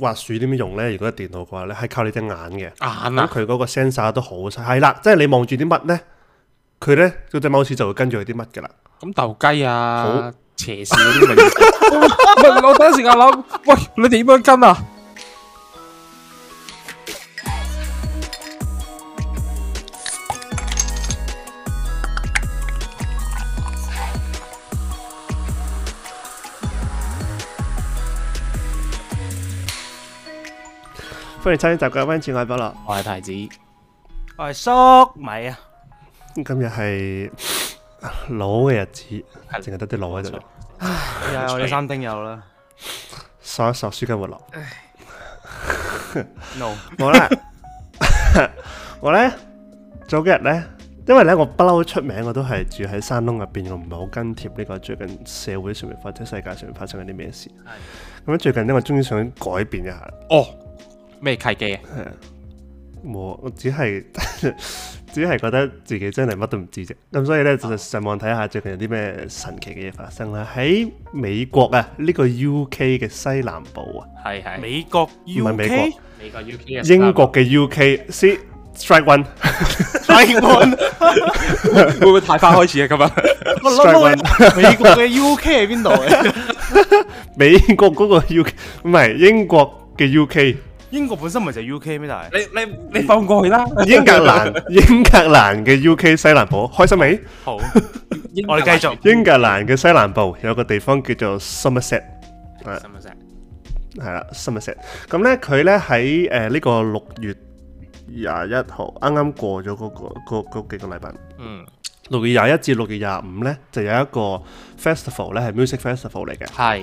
滑鼠點樣用咧？如果係電腦嘅話咧，係靠你隻眼嘅，眼啊，咁佢嗰個 sensor 都好細。係啦，即係你望住啲乜咧，佢咧嗰隻貓士就會跟住佢啲乜噶啦。咁鬥雞啊，斜視嗰啲咪？唔係，我第一時間諗， 喂，你哋點樣跟啊？歡迎參與《集嘅溫存愛不落》，我係太子，我係粟米啊！今日係老嘅日子，係淨係得啲老喺度。又係我哋三丁友啦，掃一掃書巾活落。No，好啦，我咧早、 no. 我呢 幾日咧，因為咧我不嬲，出名，我都係住喺山窿入邊，我唔係好跟貼呢個最近社會上面或者世界上面發生啲咩事。咁最近咧，我終於想改變一下。哦。咩契機啊？我只係只係覺得自己真係乜都唔知啫。咁所以咧，就上網睇下最近有啲咩神奇嘅嘢發生啦。喺美國啊，呢個 U K 嘅西南部啊，係係美國 U K，美國 U K，英國嘅 U K。 See? strike one，strike one， 會唔會太快開始啊？今日，strike one。美國嘅 U K 喺邊度？ 美國嗰個 U K 唔係英國嘅 U K。英國本身唔就係 U K 咩？但係你你你放過去啦。英格蘭英格蘭嘅 U K 西南部開心未？好，我哋繼續。英格蘭嘅西南部有個地方叫做 Somerset，係啦，Somerset。咁呢佢呢喺誒呢個六月廿一號啱啱過咗嗰個嗰嗰幾個禮拜。嗯，六月廿一至六月廿五呢就有一個 festival 呢係 music festival 嚟嘅。係。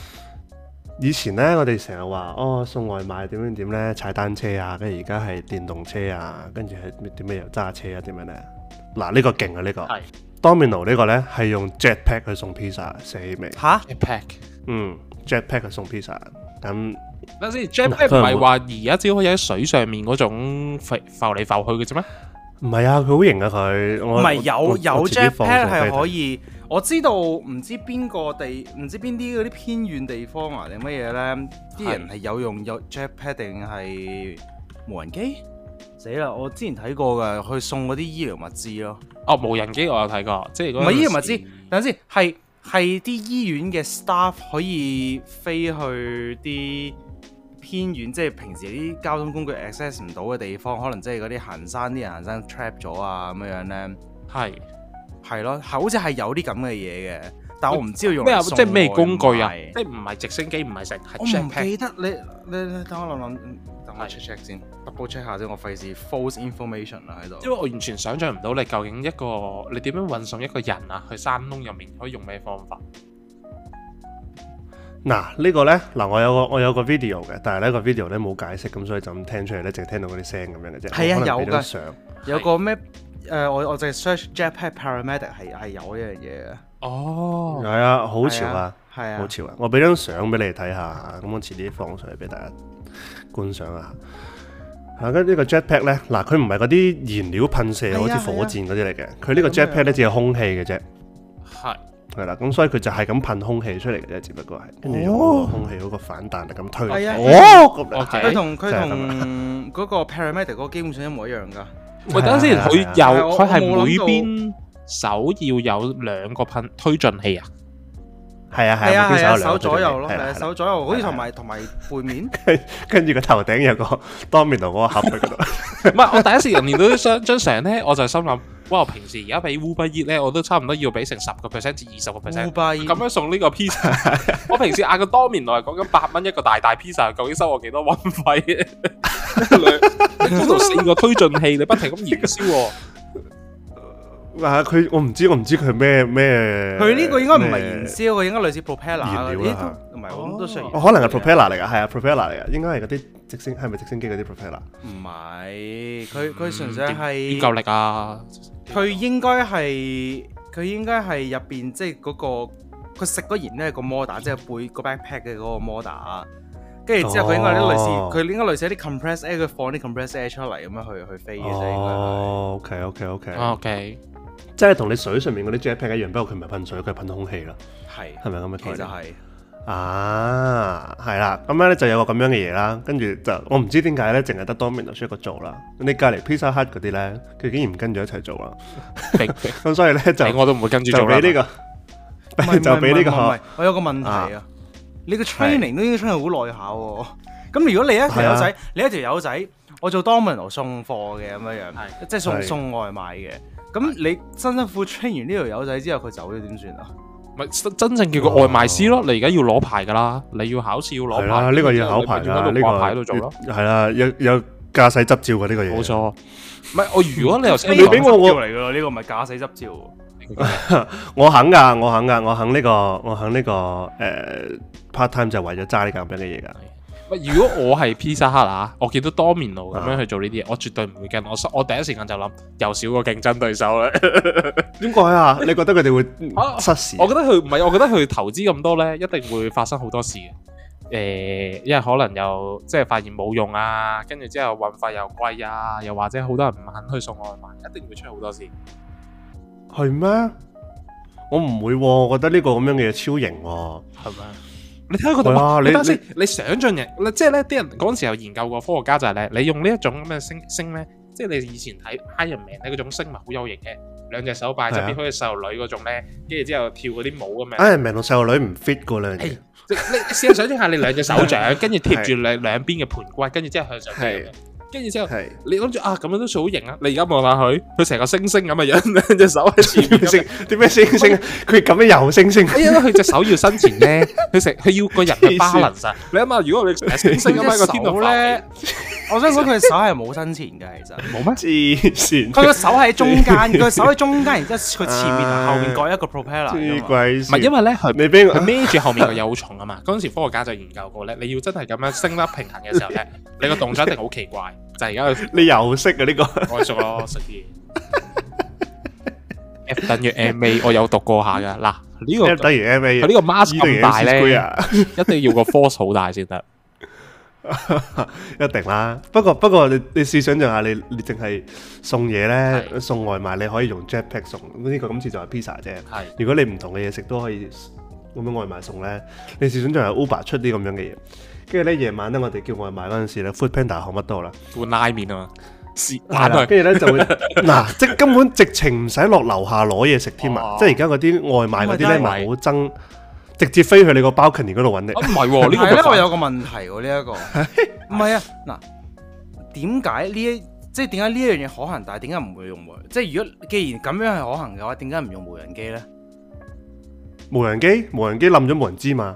以前咧，我哋成日話哦，送外賣點樣點咧，踩單車啊，跟住而家係電動車啊，跟住係咩點樣又揸車啊，點樣咧？嗱，呢個勁啊，呢個。係。Domino 呢個咧係用 Jetpack 去送 pizza，四味。吓？Jetpack。嗯，Jetpack 去送 pizza，咁。等先，Jetpack 唔係話而家只可以喺水上面嗰種浮嚟浮去嘅啫咩？唔係啊，佢好型啊佢。唔係有我我有 Jetpack 係可以。我知道唔知邊個地，唔知邊啲嗰啲偏遠地方啊定乜嘢咧？啲人係有用有 jetpack 定係無人機？死啦！我之前睇過噶，去送嗰啲醫療物資咯。哦，無人機我有睇過，嗯、即係唔係醫療物資？等陣先，係係啲醫院嘅 staff 可以飛去啲偏遠，即係平時啲交通工具 access 唔到嘅地方，可能即係嗰啲行山啲人行山 trap 咗啊咁樣樣咧。係。係咯，好似係有啲咁嘅嘢嘅，但係我唔知道用咩，即係咩工具啊？即係唔係直升機，唔係直，我唔記得你，你，你等我諗諗，等我 check check 先，double check 下先，我費事 false information 啊喺度。因為我完全想象唔到你究竟一個，你點樣運送一個人啊去山窿入面，可以用咩方法？嗱，呢個咧，嗱，我有個我有個 video 嘅，但係呢個 video 咧冇解釋，咁所以就咁聽出嚟咧，淨係聽到嗰啲聲咁樣嘅啫。係啊，有嘅，有個咩？誒、呃，我我淨係 search Jetpack Paramedic 係係有一樣嘢哦，係、oh，啊，好潮啊，係啊，好、啊、潮啊！我俾張相俾你睇下，咁我遲啲放上嚟俾大家觀賞啊！吓，跟呢個 Jetpack 咧，嗱、啊，佢唔係嗰啲燃料噴射，好似火箭嗰啲嚟嘅，佢呢、啊啊、個 Jetpack 咧只係空氣嘅啫，係係啦，咁、啊、所以佢就係咁噴空氣出嚟嘅啫，只不過係跟住用個空氣嗰個反彈嚟咁推。係啊，哦，佢同佢同嗰個 Paramedic 嗰個基本上一模一樣噶。喂，等先，佢有佢係每邊手要有兩個噴推進器啊？係啊係，每邊手有兩左右咯，手左右，好似同埋同埋背面。跟跟住個頭頂有個多面同嗰個盒喺度。唔係，我第一次又見到雙張相咧，我就心諗。哇！平時而家俾 Uber 呢，我都差唔多要俾成十個 percent 至二十個 percent 咁樣送呢個 pizza。我平時嗌個多面，我係講緊八蚊一個大大 pizza，究竟收我幾多運費？中途四個推進器，你不停咁燃燒喎。啊！佢我唔知，我唔知佢咩咩。佢呢個應該唔係燃燒嘅，應該類似 propeller。燃料啦，唔係，咁都算。我可能係 propeller 嚟㗎，係啊，propeller 嚟㗎，應該係嗰啲直升，係咪直升機嗰啲 propeller？唔係，佢佢純粹係夠力啊！佢應該係佢應該係入邊即係嗰個佢食嗰鹽咧個摩打即係背個 backpack 嘅嗰個摩打，跟住之後佢應該係啲類似佢應該類似啲、哦、compress air，佢放啲 compress air 出嚟咁樣去去飛嘅啫、哦。哦，OK OK OK OK，即係同你水上面嗰啲 jetpack 一樣，不過佢唔係噴水，佢係噴空氣啦。係係咪咁嘅概念？其實係啊，係啦，咁咧就有個咁樣嘅嘢啦，跟住就我唔知點解咧，淨係得 Domino 出一個做啦。你隔離 Pizza Hut 嗰啲咧，佢竟然唔跟住一齊做啦。咁 所以咧就我都唔會跟住做啦。就俾呢、這個，就俾呢、這個。我有個問題啊，啊你個 training 都應該好耐下喎。咁如果你一條友仔，你一條友仔，我做 Domino 送貨嘅咁嘅樣，是即係送是送外賣嘅。咁你辛辛苦 train 完呢條友仔之後，佢走咗點算啊？真正叫個外賣師咯，哦、你而家要攞牌噶啦，你要考試要攞牌啦，呢、這個要考牌啦，呢、這個喺度做咯，係啦，有有駕駛執照嘅呢、這個嘢，冇錯，唔係我如果你又你俾我我嚟嘅呢個唔係駕駛執照，我肯噶，我肯噶，我肯呢、這個，我肯呢、這個，誒、呃、part time 就係為咗揸呢咁樣嘅嘢噶。如果我係 Pizza Hut 啦，我見到 Domino 咁樣去做呢啲嘢，啊、我絕對唔會跟我，我第一時間就諗，又少個競爭對手啦。點解啊？你覺得佢哋會失事？我覺得佢唔係，我覺得佢投資咁多呢，一定會發生好多事嘅。誒、呃，因為可能又即係發現冇用啊，跟住之後運費又貴啊，又或者好多人唔肯去送外賣，一定會出好多事。係咩？我唔會、啊，我覺得呢個咁樣嘅嘢超型喎、啊。係咩？你睇下嗰度，你等先，你想象人，嗱即係咧啲人嗰陣時候研究過，科學家就係咧，你用呢一種咁嘅星星咧，即係你以前睇 Iron Man 睇嗰種星咪好有型嘅，兩隻手擺就變咗細路女嗰種咧，跟住之後跳嗰啲舞咁樣。Iron Man 同細路女唔 fit 過兩隻。你試下想象下，你兩隻手掌跟住貼住兩兩邊嘅盤骨，跟住之後向上飛。跟住之後，你諗住啊，咁樣都算好型啊！你而家望下佢，佢成個星星咁嘅樣，兩隻手喺前面樣。星，啲咩星星？佢 咁樣又星星，點解佢隻手要伸前咧？佢成，佢要個人去 balance。你諗下，如果你成星星咁喺個天度咧。我想講佢隻手係冇伸前嘅，其實冇咩黐線。佢個手喺中間，佢手喺中間，然之後佢前面同後面各一個 propeller。黐鬼線！唔係因為咧，佢你俾佢孭住後面個嘢好重啊嘛。嗰陣時科學家就研究過咧，你要真係咁樣升得平衡嘅時候咧，你個動作一定好奇怪。就係而家你又識啊呢個？我熟咯，識啲嘢。F 等於 ma，我有讀過下㗎。嗱，呢個呢個 mass 咁大咧，一定要個 force 好大先得。 一定啦，不過不過你你試想象下你，你你淨係送嘢咧，送外賣你可以用 Jetpack 送，呢個今次就係 pizza 啫。係，如果你唔同嘅嘢食都可以咁樣外賣送咧，你試想象下 Uber 出啲咁樣嘅嘢，跟住咧夜晚咧我哋叫外賣嗰陣時咧 ，Foodpanda 學乜都 啦？換拉麵啊嘛，是，跟住咧就會嗱、 啊，即根本直情唔使落樓下攞嘢食添啊！即係而家嗰啲外賣嗰啲咧，好憎。直接飛去你個 balcony 嗰度揾你，啊？唔係，啊，係咧，我有個問題喎，呢一個唔係啊，嗱，這個 啊，點解呢一即係點解呢一樣嘢可行？但係點解唔會用無人即係如果既然咁樣係可行嘅話，點解唔用無人機咧？無人機，無人機冧咗無人知嘛？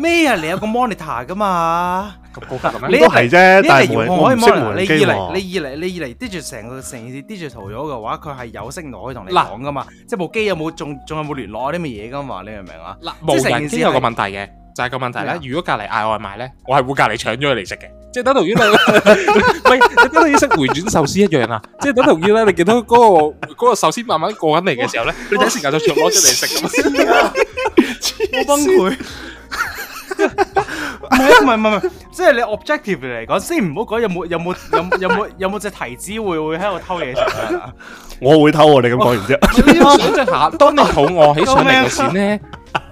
咩啊？你有個 monitor 噶嘛？呢啲係啫，但係我識換機器人。你二嚟，你二嚟，你二嚟，啲住成個成啲，啲住圖咗嘅話，佢係有識攞去同你講噶嘛？即係部機有冇仲仲有冇聯絡啲乜嘢噶嘛？你明唔明啊？嗱，無人機有個問題嘅，就係個問題咧。如果隔籬嗌外賣咧，我係會隔籬搶咗佢嚟食嘅。即係等同於你，等同於你食回轉壽司一樣啊！即係等同於咧，你見到嗰個嗰個壽司慢慢過緊嚟嘅時候咧，你第一時間就搶攞出嚟食噶嘛？我崩潰。唔係唔係唔係，即係你 objective 嚟講先，唔好講有冇有冇有有冇有冇隻提子會會喺度偷嘢食啊！我會偷我，你咁講唔知？想一下，當你肚餓起上嚟嘅錢咧，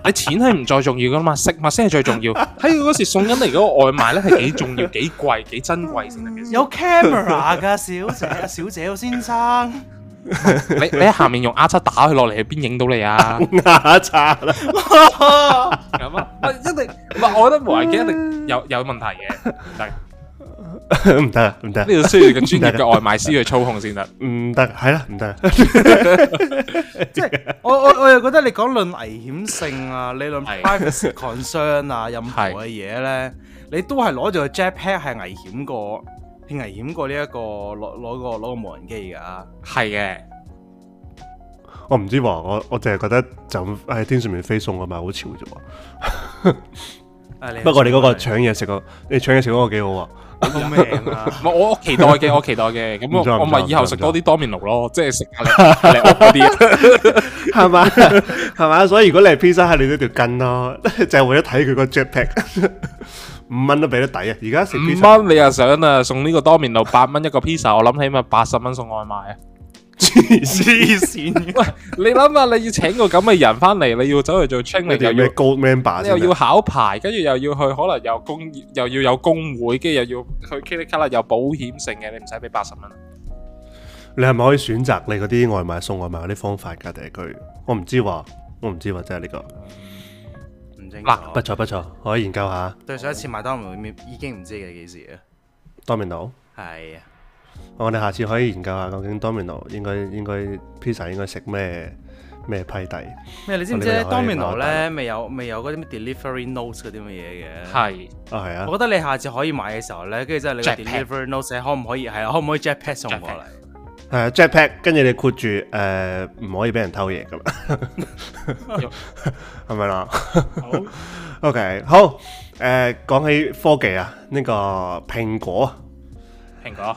你錢係唔再重要噶嘛？食物先係最重要。喺嗰時送緊嚟嗰個外賣咧，係幾重要、幾貴、幾珍貴先得嘅。有 camera 噶小姐啊，小姐啊，先生，你你喺下面用 R 七打佢落嚟，去邊影到你啊？R 七啦，咁啊，一定。唔，我覺得無人機一定有有問題嘅，唔得，唔得，唔得，呢度需要個專業嘅外賣師去操控先得，唔得，係啦，唔得。即係我我我又覺得你講論危險性啊，呢兩 private concern 啊，任何嘅嘢咧，你都係攞住個 jetpack 係危險過，係危險過呢一個攞攞個攞個無人機㗎，係嘅。我唔知喎，我我淨係覺得就喺天上面飛送啊嘛，好潮啫喎。不過你嗰個搶嘢食個，你搶嘢食嗰個幾好啊！好命啊！我期待嘅，我期待嘅。咁我咪以後食多啲 Domino 咯，即係食多啲，係嘛係嘛？所以如果你係 pizza，係你呢條筋咯， 就為咗睇佢個 Jetpack。五蚊都俾得抵啊！而家食 pizza，五蚊你又想啊？送呢個 Domino 八蚊一個 pizza，我諗起碼八十蚊送外賣啊！黐線，喂！你諗下、啊，你要請個咁嘅人翻嚟，你要走去做 training，你要 Gold Member 又要考牌，跟住又要去，可能有工，又要有工會，跟住又要去 k i l 有保險性嘅，你唔使俾八十蚊。你係咪可以選擇你嗰啲外賣送外賣嗰啲方法噶、啊？定係佢？我唔知喎、啊，我唔知喎、啊，即係呢個唔正。嗱、啊，不錯不錯，可以研究下。對上一次買 Dominion 已經唔知佢幾時啊 Dominion 係啊。當我哋下次可以研究下，究竟 Domino 應該應該 pizza 應該食咩咩批底咩？你知唔知 Domino 咧未有未有嗰啲咩 delivery notes 嗰啲乜嘢嘅？係啊，係、哦、啊。我覺得你下次可以買嘅時候咧，跟住即係你個 delivery notes 可唔可以係、啊、可唔可以 jetpack 送過嚟？係 jetpack 跟住你括住誒，唔、呃、唔可以俾人偷嘢噶 啦，係咪啦？OK 好誒、呃，講起科技啊，呢、呢個蘋果蘋果。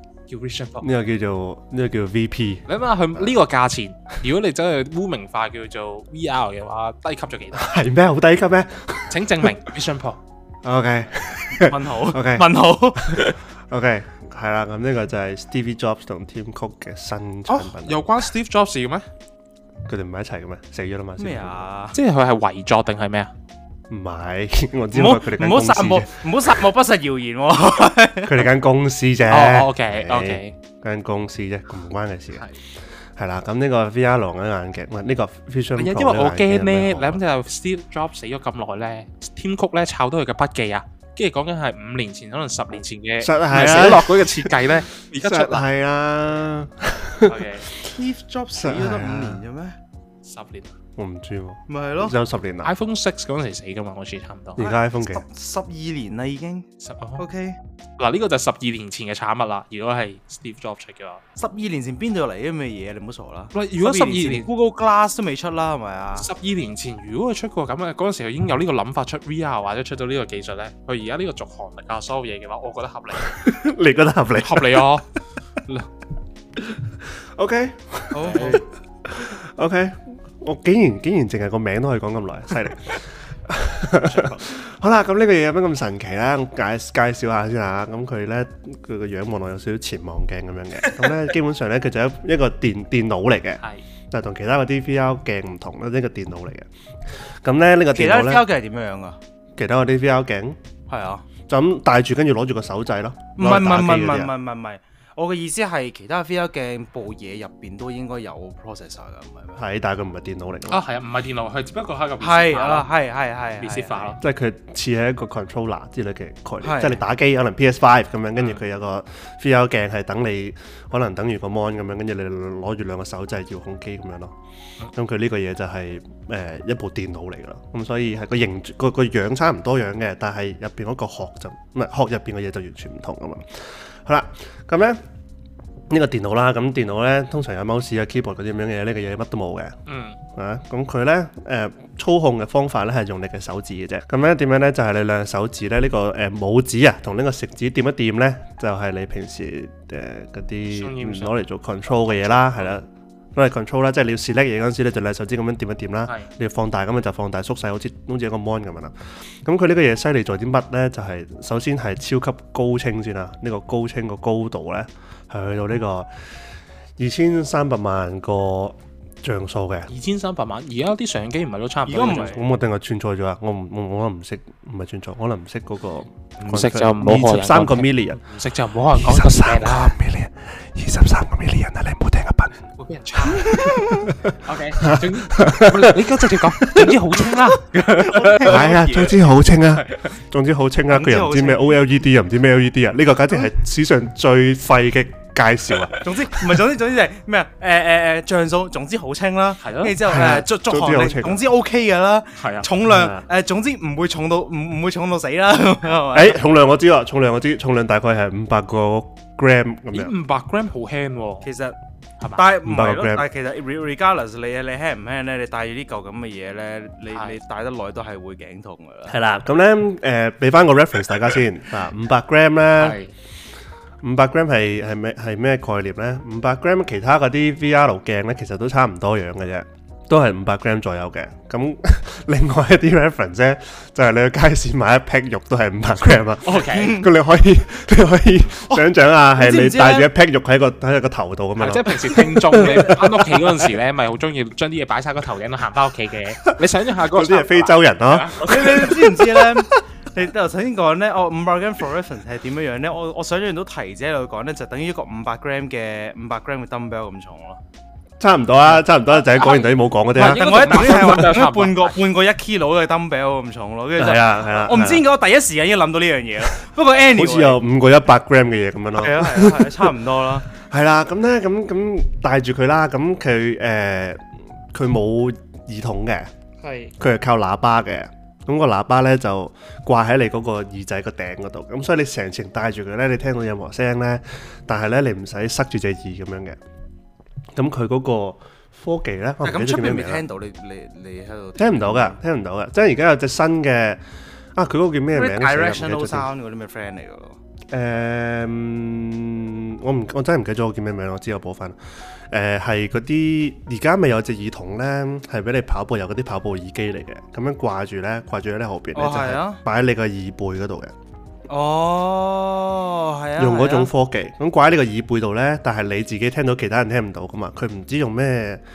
呢個叫做呢、這個叫 VP，你諗下佢呢個價錢，如果你走去污名化叫做 VR 嘅話，低級咗幾多？係咩？好低級咩？請證明 Vision Pro o k、okay. 問好。OK，問好。 OK，係啦，咁呢個就係 Steve Jobs 同 Tim Cook 嘅新產品，哦。有關 Steve Jobs 嘅咩？佢哋唔係一齊嘅咩？死咗啦嘛？咩啊？即係佢係遺作定係咩啊？唔係，我知佢哋唔好撒謊，唔好撒謊不實謠言。佢哋間公司啫。O K O K，間公司啫，唔關嘅事。係啦，咁呢個 VR 龍嘅眼鏡，喂，呢個 Vision。係啊，因為我驚咧，你諗就 Steve Jobs 死咗咁耐咧，Tim Cook 咧抄到佢嘅筆記啊，跟住講緊係五年前，可能十年前嘅，實係寫落嗰個設計咧，而家出啦。係啊，Steve Jobs 死咗得五年嘅咩？十年。我唔知喎，咪係咯，有十年啊！iPhone six 嗰陣時死噶嘛，好似差唔多。而家 iPhone 幾？十二年啦已經，十 OK 嗱、啊、呢、呢個就係十二年前嘅產物啦。如果係 Steve Jobs 出嘅話，十二年前邊度嚟啲咩嘢？你唔好傻啦！唔如果十二年，年 Google Glass 都未出啦，係咪啊？十二年前如果佢出過咁嘅，嗰陣時已經有呢個諗法出 VR 或者出到呢個技術咧，佢而家呢個續航力啊，所有嘢嘅話，我覺得合理。 你覺得合理？合理啊！OK 好 k OK, okay.。Okay. 我竟然竟然淨係個名都可以講咁耐，犀利！好啦，咁呢個嘢有咩咁神奇咧？我介介紹下先吓，咁佢咧，佢個樣望落有少少潛望鏡咁樣嘅，咁咧基本上咧，佢就係一一個電電腦嚟嘅，係，但係同其他啲 VR 鏡唔同啦，呢個電腦嚟嘅。咁咧呢個其他 VR 鏡係點樣樣噶？其他啲 VR 鏡係啊，就咁戴住，跟住攞住個手掣咯。唔係唔係唔係唔係唔係唔係唔係。我嘅意思係其他 VR 鏡播嘢入邊都應該有 p r o c e s s o 唔係咩？係，但係佢唔係電腦嚟。啊，係啊，唔係電腦，係只不過係個別視化咯。係係係係別化，即係佢似係一個 controller 之類嘅概念，即係你打機可能 PS Five 咁樣，跟住佢有個 VR 鏡係等你可能等住個 mon 咁樣，跟住你攞住兩個手掣搖控機咁樣咯。咁佢呢個嘢就係、是、誒、呃、一部電腦嚟㗎啦。咁、嗯、所以係個形個個樣子差唔多樣嘅，但係入邊嗰個殼就唔係殼入邊嘅嘢就完全唔同㗎嘛。好啦，咁咧呢個電腦啦，咁電腦咧通常有 mouse 啊、keyboard 嗰啲咁樣嘅嘢，呢個嘢乜都冇嘅。嗯，啊，咁佢咧誒操控嘅方法咧係用你嘅手指嘅啫。咁咧點樣咧？就係、是、你兩隻手指咧，呢、這個誒拇、呃、指啊同呢個食指掂一掂咧，就係、是、你平時誒嗰啲攞嚟做 control 嘅嘢啦，係啦。攞嚟 control 咧，即係你要 select 嘢嗰陣時咧，就你手指咁樣掂一掂啦。你要放大咁啊，就放大縮細，好似好似一個 mon 咁樣啦。咁佢呢個嘢犀利做啲乜咧？就係、是、首先係超級高清先啊。呢、這個高清個高度咧係去到呢個二千三百萬個像素嘅。二千三百萬，而家啲相機唔係都差唔多。而家唔係咁，我定係串錯咗啊！我我我唔識，唔係串錯，可能唔識嗰、那個唔識就唔好二十三個，個 million，唔識就唔好可能講出啦。十三 million，二十三個 million 啊！你唔好聽、啊會俾人拆。O K，總之你而家直接講，總之好清啦。係啊，總之好、 哎清,啊、 清啊，總之好清啊。佢又唔知咩 O L E D，又唔知咩 L E D 啊。呢、這個簡直係史上最廢嘅介紹啊。 總之，唔係總之，總之就係咩啊？誒誒誒，像素總之好清啦。係咯。跟住之後誒，續續航力總之 O K 嘅啦。係啊。重量誒、啊呃，總之唔會重到唔唔會重到死啦。誒、 哎，重量我知啊，重量我知，重量大概係五百個。gram 咁樣，五百 gram 好輕喎。其實係嘛？但係五百 gram 咯，但係其實 regardless 你你輕唔輕咧？你戴住呢嚿咁嘅嘢咧，你你戴得耐都係會頸痛㗎啦。係啦，咁咧誒，俾翻個 reference 大家先啊，五百 gram 咧，五百 gram 係，係咩係咩概念咧？五百 gram 其他嗰啲 VR 鏡咧，其實都差唔多樣嘅啫。都係五百 gram 左右嘅。咁另外一啲 reference 咧，就係你去街市買一 pack 肉都係五百 gram 啊。OK，咁你可以，你可以想象啊，係你帶住一 pack 肉喺個喺個頭度啊嘛。即係平時聽眾你翻屋企嗰陣時咧，咪好中意將啲嘢擺晒個頭頂度行翻屋企嘅。你想象下嗰啲係非洲人咯。你你知唔知咧？你頭先講咧，我五百 gram for reference 係點樣樣咧？我我想象到提啫，嚟講咧就等於一個五百 gram 嘅五百 gram 嘅 dumbbell 咁重咯。差唔多啊，差唔多就係講完就啲冇講嗰啲啊。但係我喺度係話差半個 半個一 kilogram 嘅燈 bell 我咁重咯。係啊係啊，啊。我唔知點解我第一時間已經諗到呢樣嘢咯。 不過 Annie、anyway, 好似有五個一百 gram 嘅嘢咁樣咯。係 啊係啊，啊，啊，差唔多啦。係 啦，啊，咁咧咁咁帶住佢啦。咁佢誒佢冇耳筒嘅，係佢係靠喇叭嘅。咁個喇叭咧就掛喺你嗰個耳仔個頂嗰度。咁所以你成程帶住佢咧，你聽到任何聲咧，但係咧你唔使塞住隻耳咁樣嘅。咁佢嗰個科技咧，我唔知叫咩名。出邊未聽到你你你喺度？聽唔到噶，聽唔到噶。即係而家有隻新嘅啊，佢嗰個叫咩名咧？Directional Sound 嗰啲咩 friend 嚟㗎？誒、嗯，我唔，我真係唔記得咗，我叫咩名我知有部分誒，係嗰啲而家咪有隻耳筒咧，係俾你跑步有嗰啲跑步耳機嚟嘅，咁樣掛住咧，掛住喺你後邊咧、哦啊，就係擺喺你個耳背嗰度嘅。哦，係啊，用嗰種科技咁、啊、掛喺你個耳背度咧，但係你自己聽到其他人聽唔到噶嘛，佢唔知用咩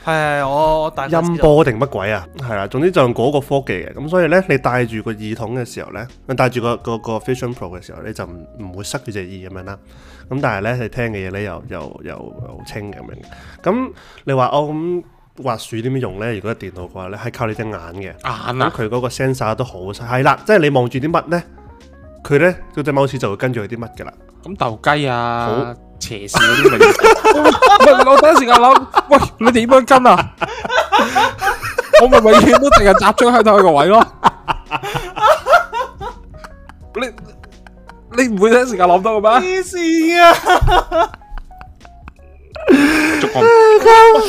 係，係哦，但音波定乜鬼啊？係啦、啊啊啊，總之就用嗰個科技嘅，咁所以咧，你戴住個耳筒嘅時候咧，戴住、嗰個、嗰個、嗰個 Vision Pro 嘅時候，你就唔唔會塞住隻耳咁樣啦。咁但係咧，你聽嘅嘢咧又又又又好清咁樣。咁你話哦，咁滑鼠點樣用咧？如果係電腦嘅話咧，係靠你隻眼嘅眼啦、啊，佢嗰個 sensor 都好犀。係啦、啊，即、就、係、係、你望住啲乜咧？佢咧，嗰隻貓屎就會跟住佢啲乜嘅啦。咁、嗯、鬥雞啊，斜視嗰啲咪？的 我第不 一時間諗， 喂，你點樣跟啊？ 我咪永遠都淨係集中喺度佢個位咯。 你你唔會第一時間諗到嘅咩？黐 線事啊！ 咁、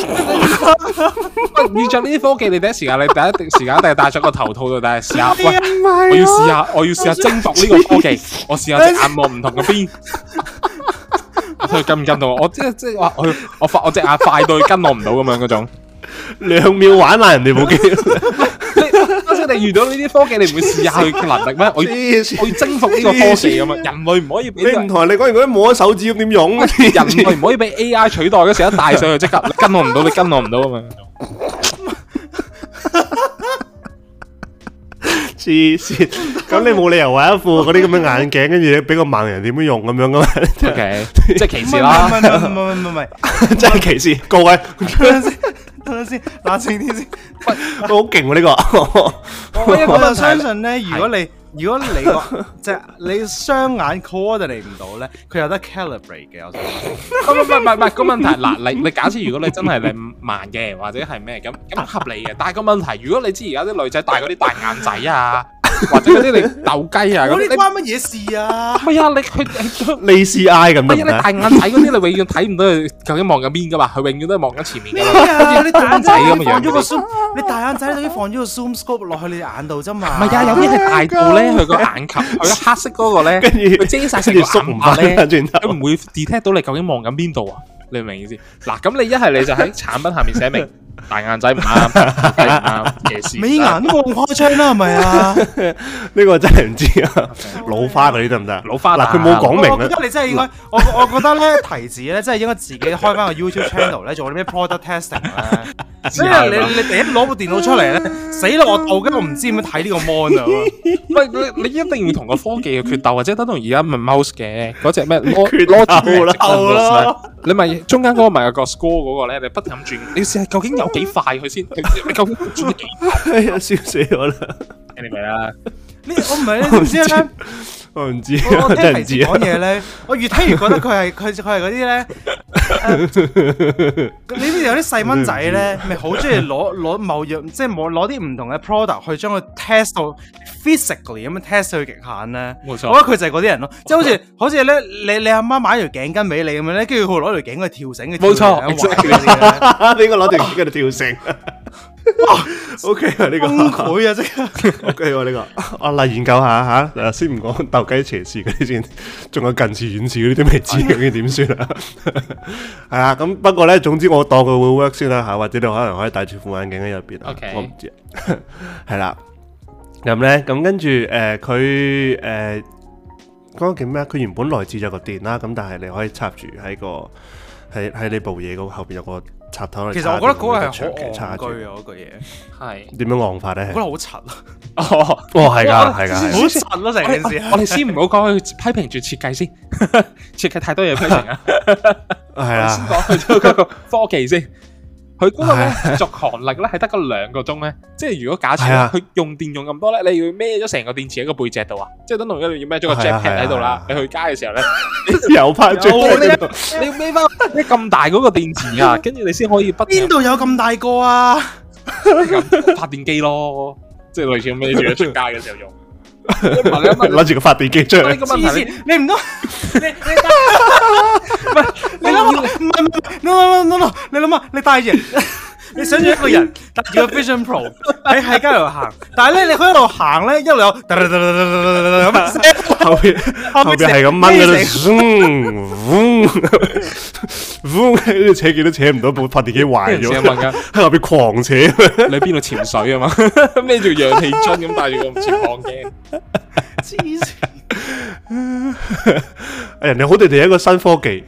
嗯， 你着呢啲科技，你第一時間，你第一時間一定係戴咗個頭套度，但係試下？喂，啊、我要試下，我要試下征服呢個科技，我試下隻眼望唔同嗰邊，佢跟唔跟到我？我即係即係話，我我隻眼快到跟我唔到咁樣嗰種，兩秒玩埋人哋部機。 你遇到呢啲科技，你唔會試下去嘅能力咩？我要我要征服呢個科技咁啊！人類唔可以俾你唔同你講，如果冇咗手指要點用？人類唔可以俾 AI 取代嘅時候，一戴上去即刻，跟我唔到，你跟我唔到啊嘛！黐線，咁你冇理由話一副嗰啲咁嘅眼鏡，跟住俾個盲人點樣用咁樣噶嘛？OK，即係歧視啦！唔唔即係歧視各位。 睇 下先，冷靜啲先。佢好勁喎呢個，啊。我 我就相信咧，如果你 如果你即係你雙 眼 calibrate 唔到咧，佢有得 calibrate 嘅。我唔唔唔唔唔，啊、 個問題嗱，你你假設如果你真係你慢嘅，或者係咩咁咁合理嘅。 但係個問題，如果你知而家啲女仔戴嗰啲大眼仔啊。 或者嗰啲你鬥雞啊，嗰啲關乜嘢事啊？唔係啊，你佢你，你，你，你，你是 C I 咁啊？係啊，你大眼仔嗰啲， 你永遠睇唔到佢究竟望緊邊噶嘛？佢永遠都係望緊前面噶啦。咩啊？你大眼仔咁嘅樣，咗個，zoom，你，個 zoom, 你大眼仔喺度放咗個 zoom scope 落去你眼度啫嘛？唔係啊，有啲係大到咧，佢 個眼球，佢黑色嗰個咧，跟住佢遮晒，跟住縮唔下咧，佢唔 會 detect 到你究竟望緊邊度啊？你明唔明意思？嗱，咁你一係你就喺產品下面寫明。大眼仔唔啱，騎士 美顏我唔開槍啦，係 咪啊？呢、呢個真係唔知啊、okay.！老花女得唔得？老花嗱，佢冇講明啊！我覺得你真係應該，我我覺得咧，提子咧，真係應該自己開翻個 YouTube channel 咧，做啲咩 product testing 啊。只 能你你你攞部電腦出嚟咧，死 咯！我我根本唔知點睇呢個 mon 啊！喂， 你一定要同個科技嘅決鬥，或者等同而家咪 mouse 嘅嗰隻咩攞攞住咩？決鬥咯！你咪中間嗰、嗰個咪、嗰個 score 嗰、嗰個咧，你不停咁轉， 你試下究竟有。幾快佢先？你夠專業幾？哎呀，， 笑死我啦！你唔明啊？呢我唔係咧，點知咧？我唔知，我，知我，聽我真係唔知。講嘢咧，我越睇越覺得佢係佢，佢係嗰啲咧。你邊有啲細蚊仔咧，咪好中意攞攞某樣，即係攞攞啲唔同嘅 product 去將佢 test 到。Physically 咁樣 test 佢極限咧，冇錯，我覺得佢就係嗰啲人咯、哦，即係好似、哦、好似咧，你你阿媽買條頸巾俾你咁樣咧，跟住佢攞條頸去跳繩嘅，冇錯，俾我攞條頸喺度跳繩。 哦、 o、okay、K 啊呢、呢個，驚攰啊即、 okay、啊，O K 呢個，啊嚟研究下嚇，先唔講鬥雞斜視嗰啲先，仲有近視遠視嗰啲都未知，究竟點算啊？係 啊，咁不過咧，總之我當佢會 work 先啦、啊、嚇，或者你可能可以戴住副眼鏡喺入邊 OK，我唔知，係、啊、啦。咁咧，咁跟住，誒、呃、佢，誒嗰個叫咩？佢原本來自咗個電啦，咁但係你可以插住喺個，喺喺你部嘢個後面有個插頭插。其實我覺得嗰個係好惡居啊，嗰個嘢係點樣按法咧？我覺得好柒哦，係、哦、㗎，係㗎，好柒咯成件事。我哋先唔好講去批評住設計先， 設計太多嘢批評啦。係 啊，先講佢做個科技先。佢嗰個咧，續航力咧係得嗰兩個鐘咧，即係如果假設佢、啊、用電用咁多咧，你要孭咗成個電池喺個背脊度啊，即係等同於要孭咗個 jetpack 喺度啦。你去街嘅時候咧，又 拍住喺度，你要孭翻咁大嗰個電池啊？跟住你先可以不。邊度有咁大個啊？發電機咯， 即係類似孭住出街嘅時候用。攞住個發電機出嚟，黐線，你唔通？你唔 你，唔你係， 你諗下，係唔 no no no no，你諗下，你帶住。你你想住一個人戴住個 Vision Pro 喺喺街度行，但係咧你佢一路行咧一路有咁，後邊後邊係咁掹嗰度嗚嗚嗚，扯幾都扯唔到部發電機壞咗，喺後邊狂扯，你邊度潛水啊嘛，孭住氧氣樽咁帶住個唔知抗驚。支持，人哋好哋哋一個新科技，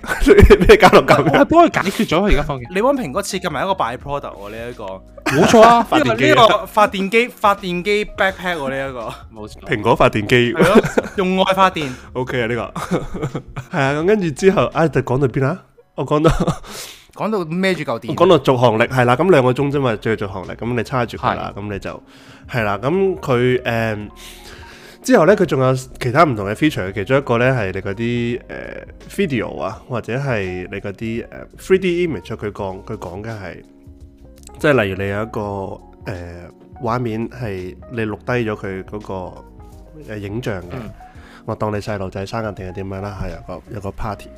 咩加落咁？我係幫佢解決咗佢而家科你蘋果設計埋一個 by product 喎，呢一個冇錯啊。呢、這個呢、啊這個這個發電機，發電機 backpack 喎、啊，呢、這、一個冇錯。蘋果發電機，用愛發電。 o、okay、K 啊，呢、這個係 啊。咁跟住之後，哎、啊，講到邊啊？我講到講到孭住嚿電、啊，講到續航力係啦。咁兩、啊、個鐘啫嘛，最續航力。咁你叉住佢啦，咁你就係啦。咁佢誒。之後咧，佢仲有其他唔同嘅 feature，其中一個咧係你嗰啲誒 video 啊，或者係你嗰啲誒 3D image，佢講佢講嘅係，即係例如你有一個誒畫面係你錄低咗佢嗰個誒影像嘅，我當你細路仔生日定係點樣啦，係有個有個 party，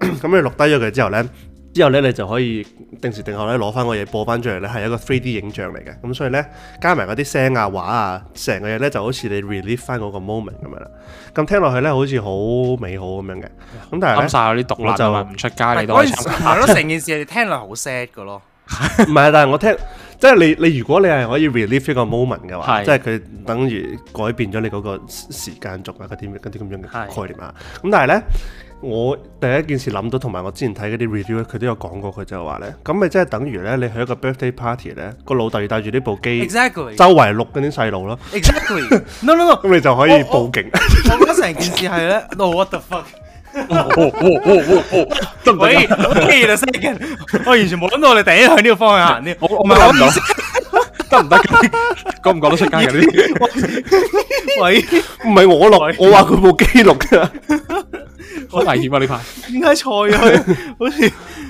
咁你錄低咗佢之後咧。之後咧，你就可以定時定候咧攞翻個嘢播翻出嚟咧，係一個 3D 影像嚟嘅。咁所以咧，加埋嗰啲聲啊、畫啊，成個嘢咧就好似你 relive 翻嗰個 moment 咁樣啦。咁聽落去咧，好似好美好咁樣嘅。咁但係冧晒嗰啲獨立，我就唔出街，你都唔差唔係咯？成 件事你聽落好 sad 噶咯。唔 係，但係我聽，即係你你如果你係可以 relive 呢個 moment 嘅話，是即係佢等於改變咗你嗰個時間軸啊、嗰啲、啲咁樣嘅概念啊。咁但係咧。我第一件事諗到，同埋我之前睇嗰啲 review 咧，佢都有講過，佢就話咧，咁咪即係等於咧，你去一個 birthday party 咧，個老豆要帶住呢部機，周圍錄嗰啲細路咯。Exactly，no no no，咁你就可以報警。我諗成件事係咧，what the fuck？喂，我完全冇諗到我哋第一去呢個方向行啲，我唔係我意思，得唔得？講唔講得出街嗰啲？喂，唔係我來，我話佢冇記錄噶。好危險啊！呢排點解坐去？ 好似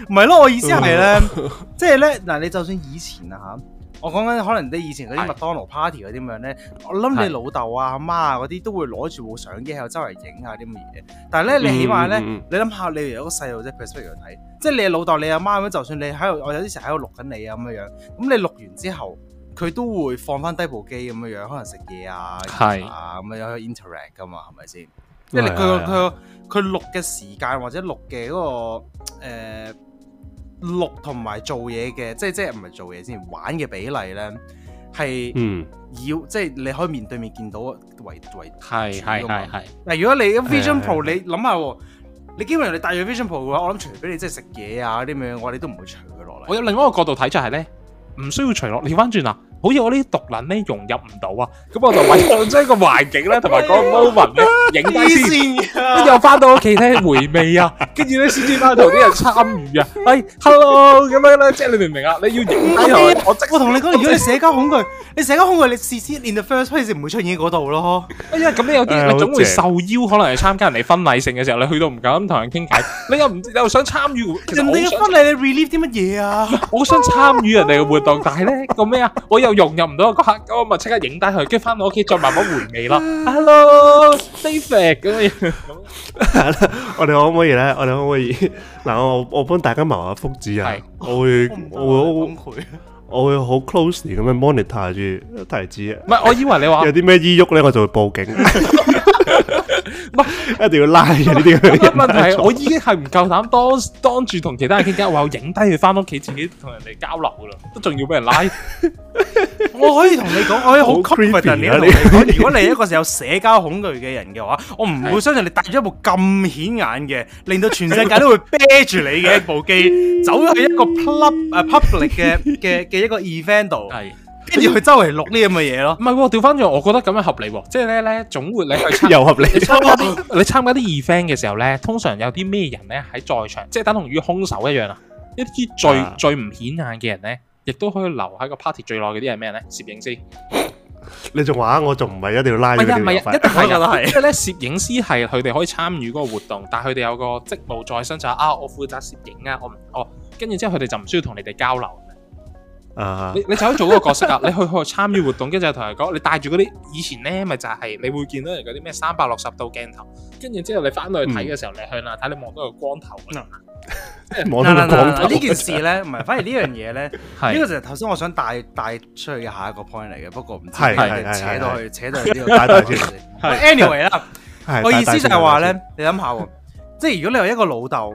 唔係咯，我意思係咧， 即係咧嗱，你就算以前啊吓，我講緊可能你以前嗰啲麥當勞 party 嗰啲咁樣咧，我諗你老豆啊媽啊嗰啲都會攞住部相機喺度周圍影下啲咁嘢。但係咧，你起碼咧、嗯，你諗下、嗯，你有個細路仔佢出嚟睇，即係你老豆你阿媽咁，就算你喺度，我有啲時喺度錄緊你啊咁樣樣。咁你錄完之後，佢都會放翻低部機咁樣樣，可能食嘢啊，係啊咁樣有去 interact 噶嘛，係咪先？即係佢佢佢錄嘅時間或者錄嘅嗰個誒錄同埋做嘢嘅，即係即係唔係做嘢先玩嘅比例咧，係嗯要即係你可以面對面見到為為係係係係。嗱如果你 Vision Pro，是是是是，你諗下，是是是是，你諗下是是是，你基本上你戴住 Vision Pro 嘅話，我諗除咗俾你即係食嘢啊啲咁樣，我話你都唔會除佢落嚟。我有另外一個角度睇就係、是、咧，唔需要除落，你翻轉啊！好似我呢啲毒撚咧融入唔到啊，咁我就揾上咗一個環境咧，同埋嗰個 moment 咧，影低先。跟住又翻到屋企咧回味啊，跟住咧先至拉同啲人參與啊。係，hello 咁樣咧，即係你明唔明啊？你要影低係咪？我我同你講，如果你社交恐懼，你社交恐懼，你試先 in the first place，你唔會出現喺嗰度咯。因為咁咧，有啲你總會受邀，可能係參加人哋婚禮性嘅時候，你去到唔夠，咁同人傾偈，你又唔又想參與。人哋嘅婚禮，你 relieve 啲乜嘢啊？我想參與人哋嘅活動，但係咧，個咩啊？我又融入唔到個客，咁我咪即刻影低佢，跟住翻到屋企再慢慢回味咯。Hello，Safe，咁樣，我哋可唔可以咧？我哋可唔可以嗱？我我幫大家麻麻複製啊，我會，我會，我會好 close 咁樣 monitor 住提子。唔係，我以為你話有啲咩依喐咧，我就會報警。唔一定要拉嘅呢啲嘢。問題我已經係唔夠膽當當住同其他人傾偈，我影低佢返屋企自己同人哋交流噶啦，都仲要俾人拉。我可以同你講，我係好 creepy。如果你係一個有社交恐懼嘅人嘅話，我唔會相信你帶咗一部咁顯眼嘅，令到全世界都會啤住你嘅一部機，走咗去一個 pub 啊 public 嘅嘅嘅一個 event 度。跟住佢周圍錄呢咁嘅嘢咯，唔係喎，調翻轉，我覺得咁樣合理喎、哦，即係咧咧總會你去 又合理，你參加啲 你，參 你參加啲 event 嘅時候咧，通常有啲咩人咧喺在，在場，即係等同於兇手一樣一啊！一啲最最唔顯眼嘅人咧，亦都可以留喺個 party 最耐嘅啲係咩咧？攝影師， 你仲話我仲唔係一定要拉嗰啲？唔 係、啊、一定係㗎啦，係因為咧攝影師係佢哋可以參與嗰個活動，但係佢哋有個職務在身就係啊，我負責攝影啊，我唔我跟住之後佢哋就唔需要同你哋交流。Uh -huh. 你你就可以做嗰個角色啊！你去去參與活動，跟住就同人講，你帶住嗰啲以前咧，咪就係、是、你會見到人嗰啲咩三百六十度鏡頭，跟住之後你翻到去睇嘅時候，嗯、你去啦睇你望到個光頭啊！即係唔係呢件事咧，唔係反而呢樣嘢咧，呢 個就係頭先我想帶帶出去嘅下一個 point 嚟嘅，不過唔知你 扯到去 扯到去呢個 anyway, 是。Anyway 啦， 我意思就係話咧， 你諗一下， 即係如果你有一個老豆。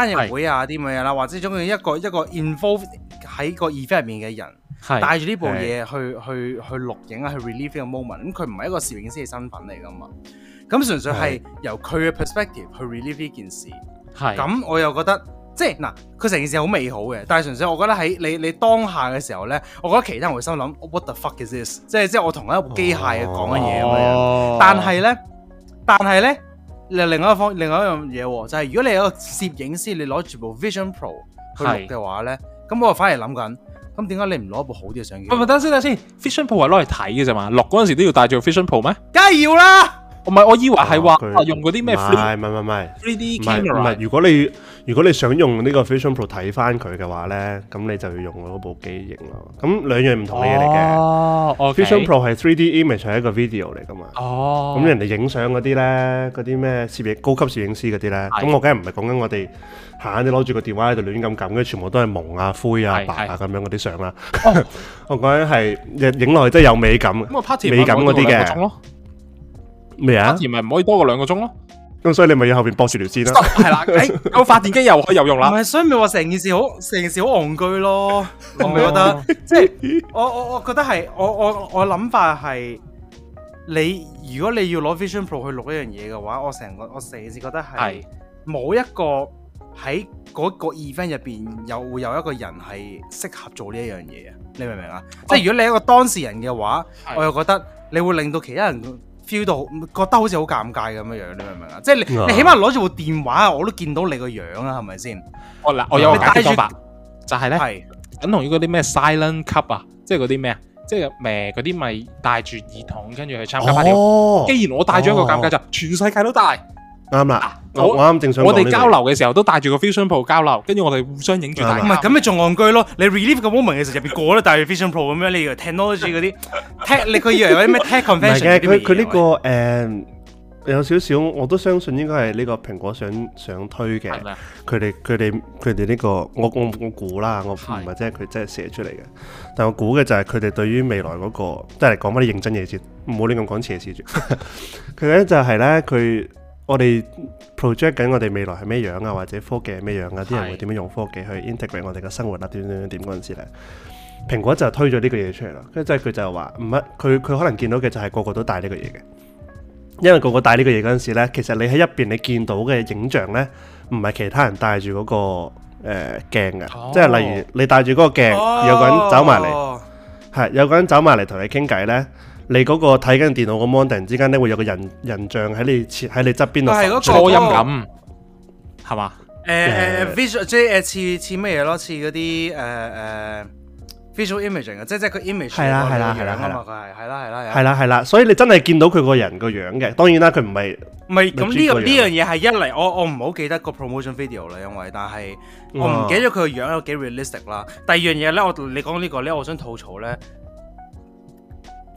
生日會啊啲咁嘢啦，或者總之一個一個 involve 喺個 event 入面嘅人，帶住呢部嘢去去去，去錄影啊，去 relieve 個 moment。咁佢唔係一個攝影師嘅身份嚟噶嘛，咁純粹係由佢嘅 perspective 去 relieve 呢件事。咁我又覺得，即係嗱，佢成件事好美好嘅，但係純粹我覺得喺你你當下嘅時候咧，我覺得其他人會心諗：oh, what the fuck is this？即係即係我同一個機械講緊嘢咁樣。但係咧，但係咧。另另外一方，另外一樣嘢喎，就係、是、如果你有個攝影師，你攞住部 Vision Pro 去錄嘅話咧，咁我反而諗緊，咁點解你唔攞一部好啲嘅相機？唔唔，等先啦先，Vision Pro 係攞嚟睇嘅啫嘛，錄嗰陣時都要帶住 Vision Pro 咩？梗係要啦！我唔係，我以為係話、哦、用嗰啲咩？唔係唔係唔係，3D, 3D camera 唔係如果你。如果你想用呢個 Vision Pro 睇翻佢嘅話咧，咁你就要用嗰部機影咯。咁兩樣唔同嘅嘢嚟嘅。Vision Pro 係 3D image，係一個 video 嚟噶嘛。咁人哋影相嗰啲咧，嗰啲咩攝影高級攝影師嗰啲咧，咁我梗係唔係講緊我哋閒閒哋攞住個電話喺度亂咁撳，跟住全部都係蒙啊、灰啊、白啊咁樣嗰啲相啦。我講緊係影落去真係有美感，美感嗰啲嘅。咩啊？而咪唔可以多過兩個鐘咯？咁所以你咪要喺後邊剝樹條枝啦，係、哎、啦，誒，個發電機又可以有用啦。唔係，所以咪話成件事好，成件事好憨居咯。 我咪覺得， 即係我我我覺得係，我我我諗法係，你如果你要攞 Vision Pro 去錄一樣嘢嘅話，我成個我成件事覺得係冇一個喺嗰個 event 入邊有會有一個人係適合做呢一樣嘢啊？你明唔明啊？即係如果你一個當事人嘅話，我又覺得你會令到其他人。feel 到覺得好似好尷尬咁樣樣，你明唔明啊？即係你你起碼攞住部電話，我都見到你個樣啦，係咪先？我嗱我有我嘅方法，就係咧係等同於嗰啲咩 silent cup 啊，即係嗰啲咩啊，即係咩嗰啲咪帶住耳筒跟住去參加 party 哦，既然我帶咗一個尷尬，就、哦、全世界都帶。啱啦、啊，我啱正想，我哋交流嘅時候、這個、都帶住個 Vision Pro 交流，跟住我哋互相影住大。唔係，咁咪仲戇居咯？你 Relief 嘅 moment 其實入邊過啦，帶 住 Vision Pro 咁樣呢個 technology 嗰啲 tech，你佢以為啲咩 tech convention 唔係嘅，佢佢呢個誒、呃、有少少，我都相信應該係呢個蘋果想想推嘅。佢哋佢哋佢哋呢個，我我我估啦，我唔係即係佢真係寫出嚟嘅。但我估嘅就係佢哋對於未來嗰、那個，即係嚟講翻啲認真嘢先，唔好亂咁講似嘢先。佢 咧就係咧佢。我哋 project 緊我哋未來係咩樣啊，或者科技係咩樣啊？啲人會點樣用科技去 integrate 我哋嘅生活啊？點點點嗰陣時咧，蘋果就推咗呢個嘢出嚟啦。跟住即係佢就話唔係，佢佢可能見到嘅就係個個都戴呢個嘢嘅。因為個個戴呢個嘢嗰陣時咧，其實你喺一邊你見到嘅影像咧，唔係其他人戴住嗰個誒、呃、鏡嘅，oh. 即係例如你戴住嗰個鏡，有個人走埋嚟，係、oh. 有個人走埋嚟同你傾偈咧。你嗰個睇緊電腦個 mon 突然之間咧，會有個人人像喺你側喺你側邊度，係嗰、那個錯音感，係、那、嘛、個？誒誒 visual 即係誒似似咩嘢咯？似嗰啲誒誒 visual imaging 啊，即即佢 image 嘅個樣啊嘛，佢係係啦係啦係啦係啦，所以你真係見到佢個人個樣嘅。當然啦，佢唔係唔係咁呢個呢樣嘢係、這個這個、一嚟，我我唔好記得個 promotion video 啦，因為但係我唔記得佢個樣有幾 realistic 啦、嗯。第二樣嘢咧，我你講呢、這個咧，我想吐槽咧。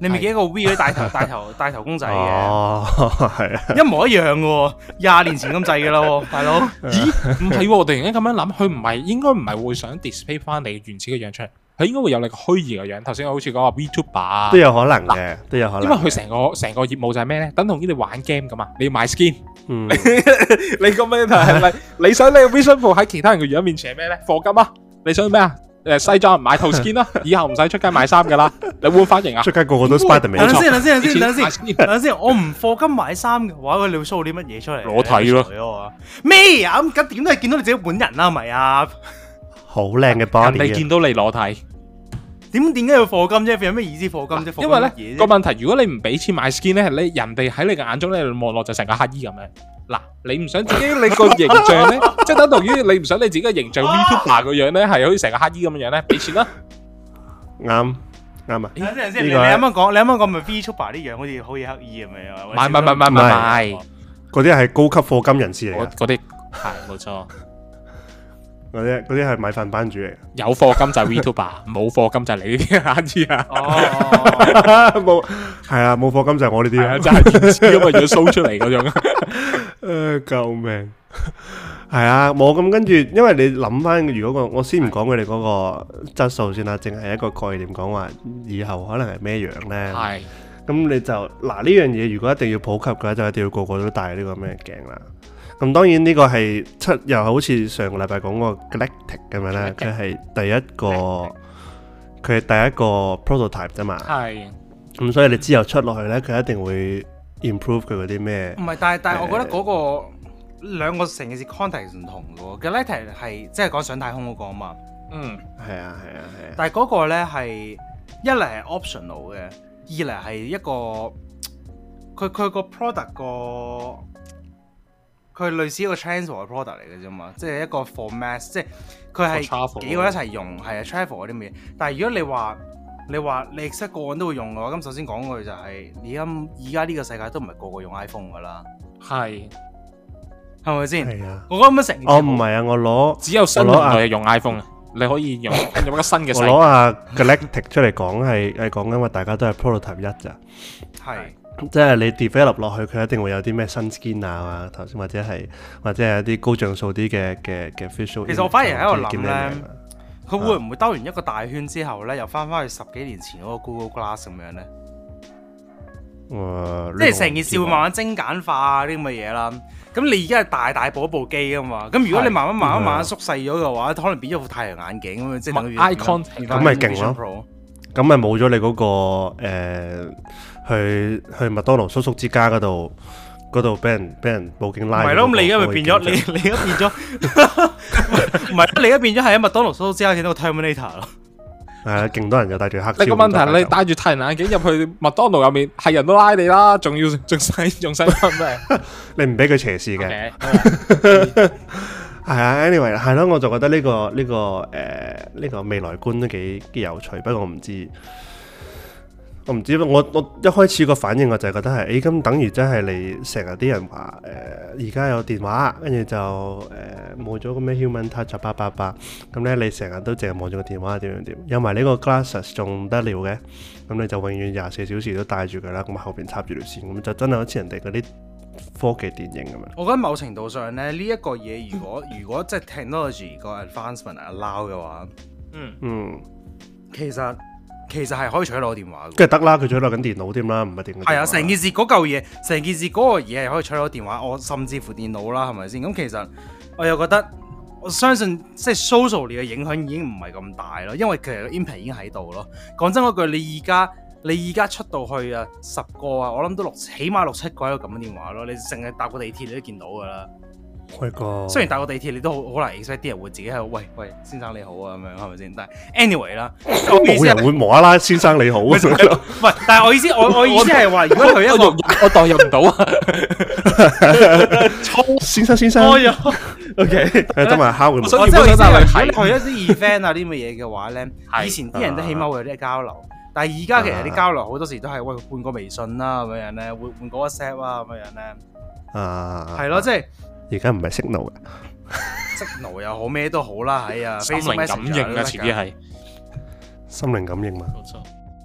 你未見個 V 啲 大頭大頭大頭公仔嘅，係啊，一模一樣喎，廿 年前咁製嘅喎，大佬。 咦，唔係喎，我突然間咁樣諗，佢唔係應該唔係會想 display 翻你原始嘅樣出嚟，佢應該會有你個虛擬嘅樣。頭先我好似講話 VTuber 都有可能嘅，都有可能、啊有可能。因為佢成個成個業務就係咩咧，等同於你玩 game 咁啊，你要買 skin。嗯、 你咁樣就係咪？你想你 Vision Pro 喺其他人嘅樣面前咩咧？課金啊，你想咩啊？誒，西裝買套 skin 啦，啊，以後唔使出街買衫噶啦， 你換髮型啊，出街個個都 spiderman。等先，等先，等先， 等先，等等 我唔課金買衫嘅話，我你會 show 啲乜嘢出嚟？裸體咯，咩咁咁點都係見到你自己本人啦，係咪啊？好靚嘅 body，人哋見到你裸體，點點解要課金啫，啊？有咩意思課金啫，啊啊？因為咧，啊，個問題，如果你唔俾錢買 skin 咧，你人哋喺你嘅眼中咧望落就成個乞衣咁嘅。嗱，你唔想自己你個形象咧，即係等同於你唔想你自己嘅形象 Vtuber 個樣咧，係好似成個乞兒咁樣咧，俾錢啦！啱啱啊！你啱啱講，你啱啱講咪 Vtuber 啲樣好似好似乞兒咁樣係咪啊？唔係唔係唔係唔係唔係，嗰啲係高級貨金人士嚟，嗰啲係冇錯。嗰啲嗰啲係米飯班主嚟，有課金就 VTuber，冇 課金就你呢啲、 哦、 啊！冇係啊，冇課金就我哋啲啊，就係騙子，因為要 show 出嚟嗰種啊！誒，救命！係 啊，冇咁跟住，因為你諗翻，如果個我,我先唔講佢哋嗰個質素先啦，淨係一個概念，講話以後可能係咩樣咧？係咁你就嗱呢樣嘢，如果一定要普及嘅話，就一定要個個都戴呢個咩鏡啦。咁當然呢個係出又好似上個禮拜講個 Galactic 咁樣啦，佢係第一個，佢係第一個 prototype 啫嘛。係。咁所以你之後出落去咧，佢一定會 improve 佢嗰啲咩？唔係，但係、呃、但係我覺得嗰個兩個成件事 content 唔同嘅喎。Galactic 係即係講上太空嗰個啊嘛。嗯，係啊，係啊，係啊。但係嗰個咧係一嚟係 optional 嘅，二嚟係一個佢佢個 product 個。佢類似一個 transfer product 嚟嘅啫嘛，即係一個 format，即係佢係幾個一齊用，係啊 travel 嗰啲咩？但係如果你話你話你識個人都會用嘅話，咁首先講句就係你今而家呢個世界都唔係個個用 iPhone 噶啦，係係咪先？我覺得乜成哦唔係啊，我攞只有新年代用 iPhone 啊，你可以用用一個新嘅。我攞啊 Galactic 出嚟講係係講緊話大家都係 prototype 一咋，係。即係你 develop 落去，佢一定會有啲咩新 skin 啊，頭先或者係或者係一啲高像素啲嘅嘅嘅 facial image，其實我反而喺度諗咧，佢會唔會兜完一個大圈之後咧，又翻翻去十幾年前嗰個 Google Glass 咁樣咧？哇！即係成件事會慢慢精簡化啲咁嘅嘢啦。咁、嗯啊、你而家係大大部一部機啊嘛。咁如果你慢慢慢慢慢慢縮細咗嘅話，可能變咗副太陽眼鏡咁咪勁咯。咁咪冇咗你嗰、嗰個、呃去去麥當勞叔叔之家嗰度嗰度，俾人俾人報警拉咪咯。你而家咪變咗你變 是的 你而家變咗唔係你而家變咗係喺麥當勞叔叔之家見到個 Terminator 咯。係啊，勁多人就戴住黑超你、那個問題係你戴住太陽眼鏡入去麥當勞入面係 人都拉你啦，仲要仲使仲使噏咩？ 你唔俾佢斜視嘅係啊，anyway 係咯，我就覺得呢、這個呢、這個誒呢、呃這個未來觀都幾幾有趣，不過我唔知。我唔知我我一開始個反應我就係覺得係，哎、欸、咁等於真係你成日啲人話，誒而家有電話，跟住就誒冇咗個咩 human touch 八八八。咁咧你成日都淨係望住個電話點樣點，有埋呢個 glasses 仲唔得了嘅？咁你就永遠廿四小時都戴住佢啦，咁後邊插住條線，咁就真係好似人哋嗰啲科技電影咁樣。我覺得某程度上咧，呢、這、一個嘢如果 如果即係 technology 個 advancement allow 嘅話，嗯嗯，其實。其實係可以取攞電話嘅可以，跟住得啦，佢取攞緊電腦添啦，唔係電腦。係啊，成件事嗰嚿嘢，成件事嗰個嘢係可以取攞電話，我甚至乎電腦啦，係咪先？咁其實我又覺得，我相信即係 social 嘅影響已經唔係咁大咯，因為其實 impact 已經喺度咯。講真嗰句，你而家你而家出到去啊，十個啊，我諗都六，起碼六七個喺度撳電話咯。你淨係搭個地鐵，你都見到㗎啦。雖然搭過地鐵，你都好難 expect 啲人會自己喺度喂喂先生你好啊咁樣，係咪先？但係 anyway 啦，冇人會無啦啦先生你好。唔係、anyway, 啊， 但係我意思，我我意思係話，如果佢一個我，我代入唔到啊。 先生先生。開 咗 Okay, 想。ok。 咁所以真係去一啲 event 啊啲咁嘅嘢嘅話咧， 以前啲人都起碼會有啲交流，uh, 但係而家其實啲交流好多時都係喂換個微信啦咁樣咧，換換個 WhatsApp 啊咁樣咧。啊。係咯，即、uh, 係。Uh, 而家唔係識腦嘅，識腦又好咩都好啦，哎呀，心靈感應啊，自己係心靈感應嘛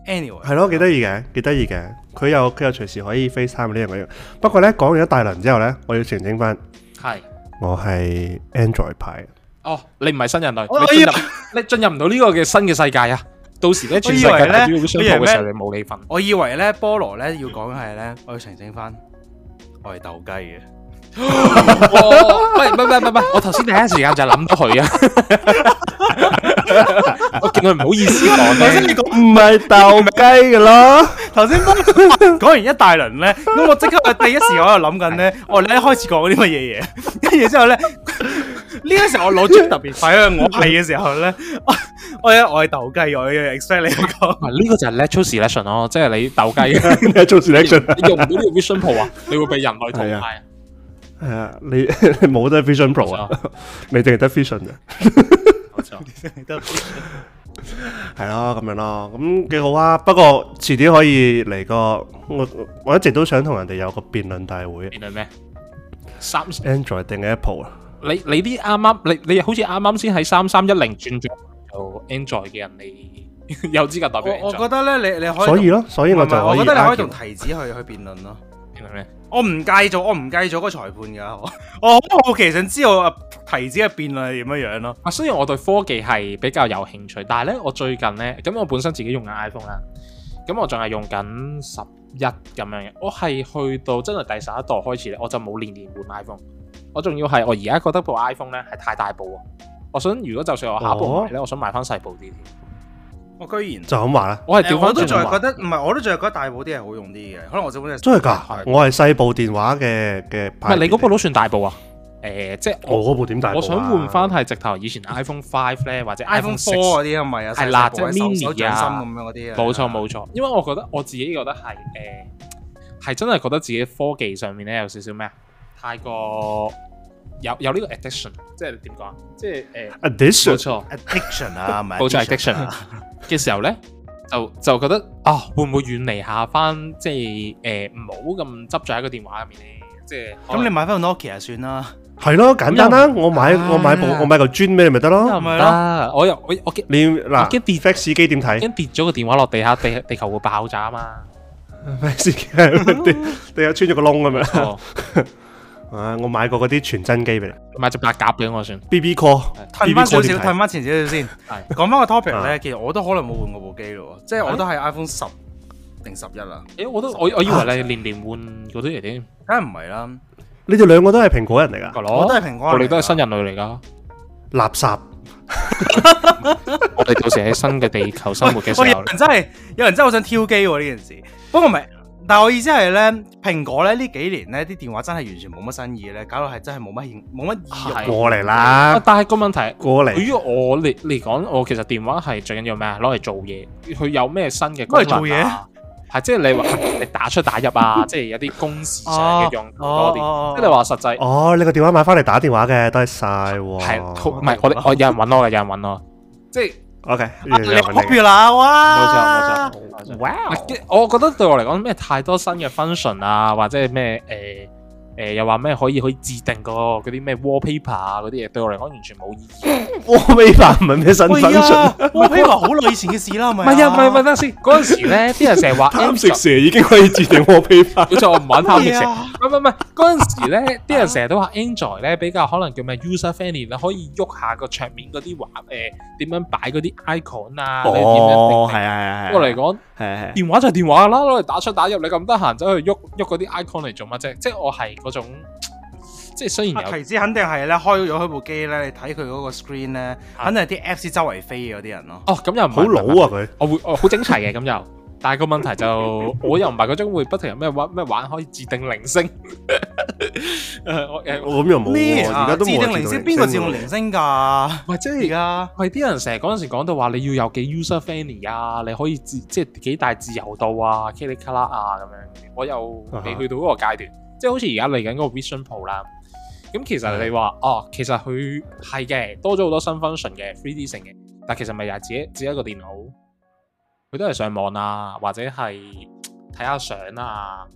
，anyway 係咯，幾得意嘅，幾得意嘅，佢又佢又隨時可以 FaceTime 呢樣嘢。不過咧講完一大輪之後咧，我要澄清返，係我係 Android 派。哦，你唔係新人類，你進入你進入唔到呢個嘅新嘅世界啊！到時咧全世界最主要宣布嘅時候，你冇你份。我以為咧菠蘿咧要講嘅係咧，我要澄清返，我係鬥雞嘅。喂喂喂喂！我頭先第一時間就諗到佢啊，我見佢唔好意思講。頭先你講唔係鬥雞噶咯？頭先講完一大輪咧，咁我即刻第一時間我又諗緊咧，我哋、哦、一開始講啲乜嘢嘢？跟住之後咧，呢個時，時候我攞出特別係啊！我係嘅時候咧，我我係我鬥雞，我嘅 expect 你講。呢個就係 natural selection 咯、哦，即、就、係、是、你鬥雞你用唔到呢個 Vision Pro 啊，你會被人類淘汰係啊，你冇得 Vision Pro 啊，未定係得 Vision 嘅、啊。係 咯、 啊，咁樣咯，咁幾好啊。不過遲啲可以嚟個，我我一直都想同人哋有個辯論大會。辯論咩？三 Android 定 Apple 啊？你你啲啱啱，你你好似啱啱先喺三三一零轉轉有 Android 嘅人你， 有資格代表我。我覺得咧，你你可以，所以咯，所以我就可以我覺得你可以同提子去去辯論咯。咩、啊？我唔介意咗，我唔介意咗個裁判噶，我好好奇想知道啊提子入邊係點樣樣咯。啊，雖然我對科技係比較有興趣，但係咧我最近咧，咁我本身自己用緊 iPhone 啦，咁我仲係用緊十一咁樣嘅，我係去到真係第十一代開始咧，我就冇年年換 iPhone。我仲要係我而家覺得部 iPhone 咧係太大部啊，我想如果就算我下部買咧、哦，我想買翻細部啲。我居然就咁話啦！我係，我都仲係覺得唔係、嗯，我都仲係覺得大部啲係好用啲嘅。可能我只本真係真係㗎，我係細部電話嘅嘅。唔係你嗰部都算大部啊？誒、欸，即係我嗰部點大部、啊、我想換翻係直頭以前 iPhone Five 咧，或者 iPhone Four 嗰啲啊，唔係啊，係啦，即係 Mini 啊咁樣嗰啲啊。冇錯冇錯，因為我覺得我自己覺得係誒，係、呃、真係覺得自己科技上面咧有少少咩啊，太過。有有呢個 addiction，即係點講啊？即係誒，冇錯，addiction 啊，冇錯，addiction 嘅時候咧，就就覺得啊，會唔會遠離下翻？即係誒，唔好咁執著喺個電話入面咧。即係咁、嗯，你買翻個 Nokia 算啦。係咯，簡單、啊了啊、啦。我買我買部我買嚿磚俾你咪得咯，又唔得。我又我我你嗱，驚跌 fax 機點睇？驚跌咗個電話落地下，地地球會爆炸吖嘛？fax 機跌跌下穿咗個窿咁樣。啊！我買過嗰啲全真機俾你，買隻八甲俾我算。BB call，褪翻少少，褪翻前少少先。係講翻個 topic 咧，其實我都可能冇換過部機咯，即係我都係 iPhone 十定十一啦。誒，我都我我以為你年年換嗰啲嚟添，梗係唔係啦。你哋兩個都係蘋果人嚟噶，我都係蘋果，我哋都係新人類嚟噶。垃圾。我哋到時喺新嘅地球生活嘅時候，有人真係，有人真係好想挑機呢件事。不過唔係。但係我意思係咧，蘋果咧呢幾年咧啲電話真係完全冇乜新意咧，搞到係真係冇乜興，冇乜意義。過嚟啦！但係個問題，過嚟。對於我嚟嚟講，我其實電話係最緊要咩啊？攞嚟做嘢，佢有咩新嘅功能啊？係即係你話你打出打入啊，即係有啲公事上嘅用途多啲。即係話實際哦，你個電話買翻嚟打電話嘅，都係晒。係，唔係我我有人揾我嘅，有人揾我。即係。O K，好 popular 啊！冇錯冇錯，哇錯錯錯錯錯錯！我覺得對我嚟講，咩太多新嘅 function 啊，或者係咩誒？欸誒又話咩可以可以自訂個嗰啲咩 wallpaper 啊嗰啲嘢對我嚟講完全冇意義。wallpaper 唔係咩新發出。啊、wallpaper 好 耐以前嘅事啦，咪係啊？唔係唔係，等下先。嗰陣時咧，啲人成日話 Android 已經可以自訂 wallpaper，好 彩我唔玩貪食蛇。唔唔唔，嗰陣時咧，啲人成日都話 Android 咧比較可能叫咩 user friendly 你可以喐下個桌面嗰啲畫誒點、呃、樣擺嗰啲 icon 啊。哦，係啊係啊，對、啊、我嚟講、啊啊，電話就電話啦，攞嚟打出打入，你咁得閒走去喐喐嗰啲 icon 嚟做乜啫？即係我係。種即係雖然有，提、啊、子肯定係咧，開咗開部機咧，你睇佢嗰個 screen 咧，肯定係啲 apps 周圍飛嘅嗰啲人咯、啊。哦，咁又唔好老啊佢，我會我好整齊嘅咁又，但係個問題就 我又唔係嗰種會不停有咩玩咩玩可以自定鈴聲 呃。我誒，咁又冇啊，而家都冇自定鈴聲，邊個自定鈴聲噶？唔係即係而家，係啲人成日嗰陣時講到話你要有幾 user friendly 啊，你可以自即係幾大自由度啊 click and clap 啊咁樣。我又未去到嗰個階段。啊啊即係好似而家嚟緊嗰個 Vision Pro 啦，咁其實你話哦，其實佢係嘅，多咗好多新 function 嘅 3D 成嘅，但其實咪又係自己只一個電腦，佢都係上網啊，或者係睇下相啊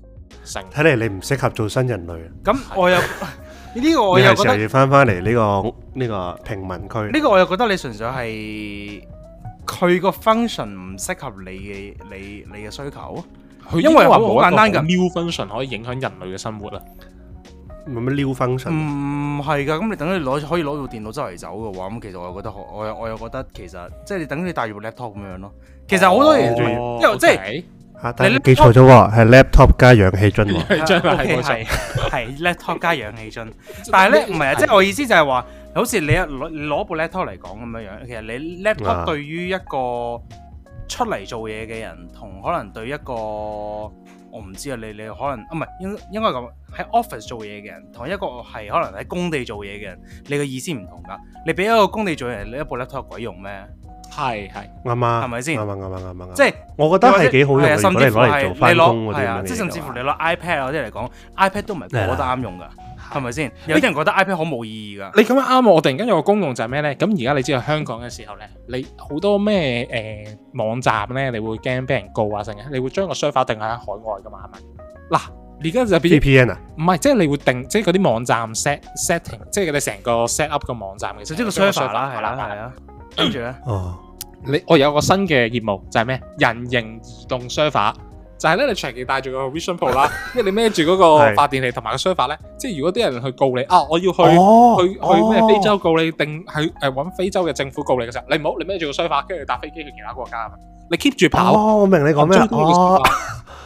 成。睇嚟你唔適合做新人類啊。咁我又呢個我又覺得翻翻嚟呢個呢個平民區。呢個我又覺得你純粹係佢個 function 唔適合你嘅你你嘅需求。因為話好簡單噶，new function 可以影響人類嘅生活啊。咪咩 new function？唔係噶，咁你等於攞可以攞到電腦周圍走嘅話，咁其實我又覺得我我又覺得其實即係你等於帶住部 laptop 咁樣咯。其實好多嘢，因為即係吓，你記錯咗喎，係 laptop 加氧氣樽，係 laptop 加氧氣樽。但係咧唔係啊，即係我意思就係話，好似你攞攞部 laptop 嚟講咁樣樣，其實你 laptop 對於一個。出嚟做嘢嘅人，同可能對一個我唔知啊，你你可能啊唔係應應該咁喺 office 做嘢嘅人，同一個係可能喺工地做嘢嘅人，你嘅意思唔同噶。你俾一個工地做嘢，你一部 notebook 有鬼用咩？係係啱啊，係咪先啱啊啱啊啱啊！即係我覺得係幾好用嘅，甚至攞嚟做翻工嗰啲啊，即係甚至乎你攞 iPad 嗰啲嚟講，iPad 都唔係個個都啱用噶。係咪先？有啲人覺得 iPad 好冇意義噶。你咁樣啱，我突然間有個功用就係咩咧？咁而家你知道香港嘅時候咧，你好多咩誒、呃、網站咧，你會驚俾人告啊成嘅，你會將個 server 定喺海外噶嘛？係咪？嗱、啊，而家就比如 VPN 啊，唔係，即係你會定即係嗰啲網站 set setting，即係你成個 set up 個網站嘅，就即係個 server，個 server 啦，係啦，係啦。跟住咧，哦，oh。你我有個新嘅業務就係、是、咩？人形移動 server。但係咧，你長期帶住個 Vision Pro 啦，因為你孭住嗰個發電器同埋個梳發咧，即係如果啲人去告你啊，我要去、哦、去、哦、去咩非洲告你定係誒揾非洲嘅政府告你嘅時候，你唔好你孭住個梳發，跟住搭飛機去其他國家嘛，你 keep 住跑。哦，我明你講咩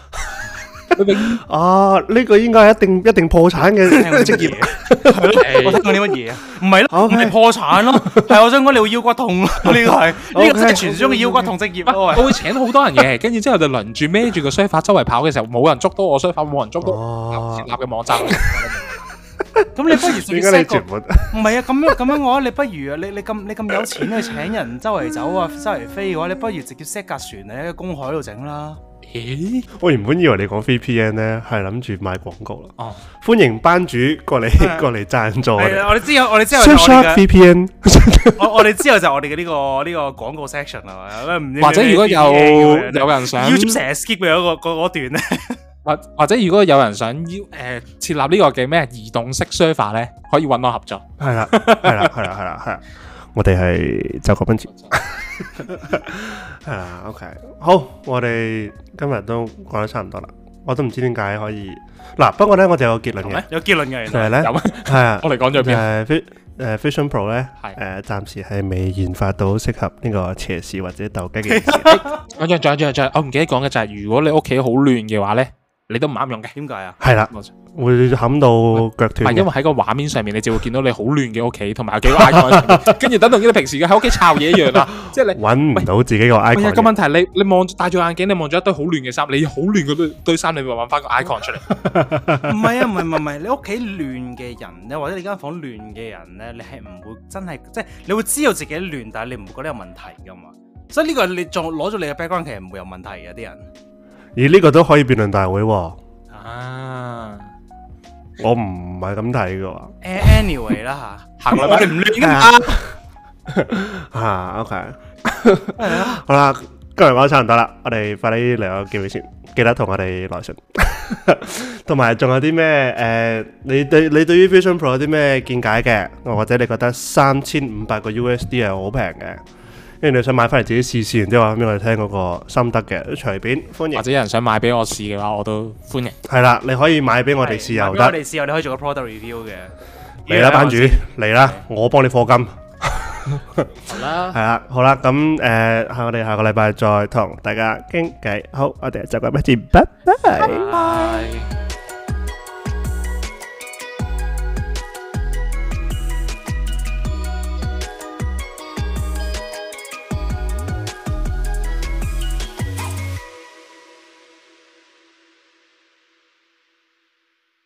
啊！呢、這個應該係一定一定破產嘅職業嚟、 okay, okay，啊， 我睇佢啲乜嘢啊？唔係咯，唔係破產咯，係我想講你會腰骨痛咯。呢、 okay，個係呢個真係傳說中嘅腰骨痛職業咯、okay。我會請好多人嘅，跟 住之後就輪住孭住個梳化周圍跑嘅時候，冇人捉到我梳化，冇 人捉到設、啊、立嘅網站。咁 你不如直接 s e 唔係啊，咁樣咁樣我、啊，你不如、啊、你你咁你咁有錢去請人周圍走啊， 周圍飛嘅、啊、話，你不如直接 set 架船嚟喺公海度整啦。咦、欸？我原本以為你講 VPN 咧，係諗住賣廣告啦。哦，歡迎班主過嚟、啊、過嚟贊助我、啊。我哋之後我哋之後 s u r f VPN，我哋之後就我哋嘅呢個呢、這個廣告 section Vpn，或者如果有有人想 YouTube 成日 skip 佢嗰、那個嗰段咧。或者或者如果有人想要誒設立呢個嘅咩移動式 server 咧，可以搵我合作。係 啦、啊，係啦、啊，係啦、啊，係啦、啊，係、啊。我哋係就個奔馳係啦，OK，好，我哋今日都講得差唔多啦，我都唔知點解可以嗱、啊，不過咧，我哋有個結論嘅，有，有結論嘅，係咧，係 啊，我嚟講咗邊誒，Vision Pro 咧，誒，暫、呃、時係未研發到適合呢個斜視或者鬥雞嘅，仲、 欸、有仲有仲我唔記得講嘅就係、是、如果你屋企好亂嘅話咧。你都唔啱用嘅，點解啊？係啦，會冚到腳斷。因為喺個畫面上面，你就會見到你好亂嘅屋企，同埋有幾個 icon，跟住 等同於你平時喺屋企搵嘢一樣啦。即 係你搵唔到自己個 icon。這個問題係你你望戴住眼鏡，你望住一堆好亂嘅衫，你好亂嘅堆堆衫你面搵翻個 icon 出嚟。唔係啊，唔係唔係，你屋企亂嘅人咧，或者你間房亂嘅人咧，你係唔會真係即係你會知道自己亂，但係你唔會覺得有問題噶嘛。所以呢個你仲攞咗你嘅 background，其實唔會有問題嘅啲人。而呢個都可以辯論大會喎，哦。啊，我唔係咁睇嘅。Anyway 啦吓，行嚟我唔拎啊。 回 啊啊 啊、o okay , k 是、啊、 好啦，今日我差唔多啦，我哋快啲嚟個結尾先，記得同我哋來信。同埋仲有啲咩？誒、呃，你對你對於 Vision Pro 有啲咩見解嘅？或者你覺得三千五百個 USD 係好平嘅？因為你想買翻嚟自己試試完之後，話俾我哋聽嗰個心得嘅，都隨便歡迎。或者有人想買俾我試嘅話，我都歡迎。係啦，你可以買俾我哋試又得。買俾我哋試又你可以做個 product review 嘅。嚟啦，班主，嚟啦，我幫你課金。係啦。係啦，好啦，咁誒，我哋下個禮拜再同大家傾偈。好，我哋就咁開始，拜拜。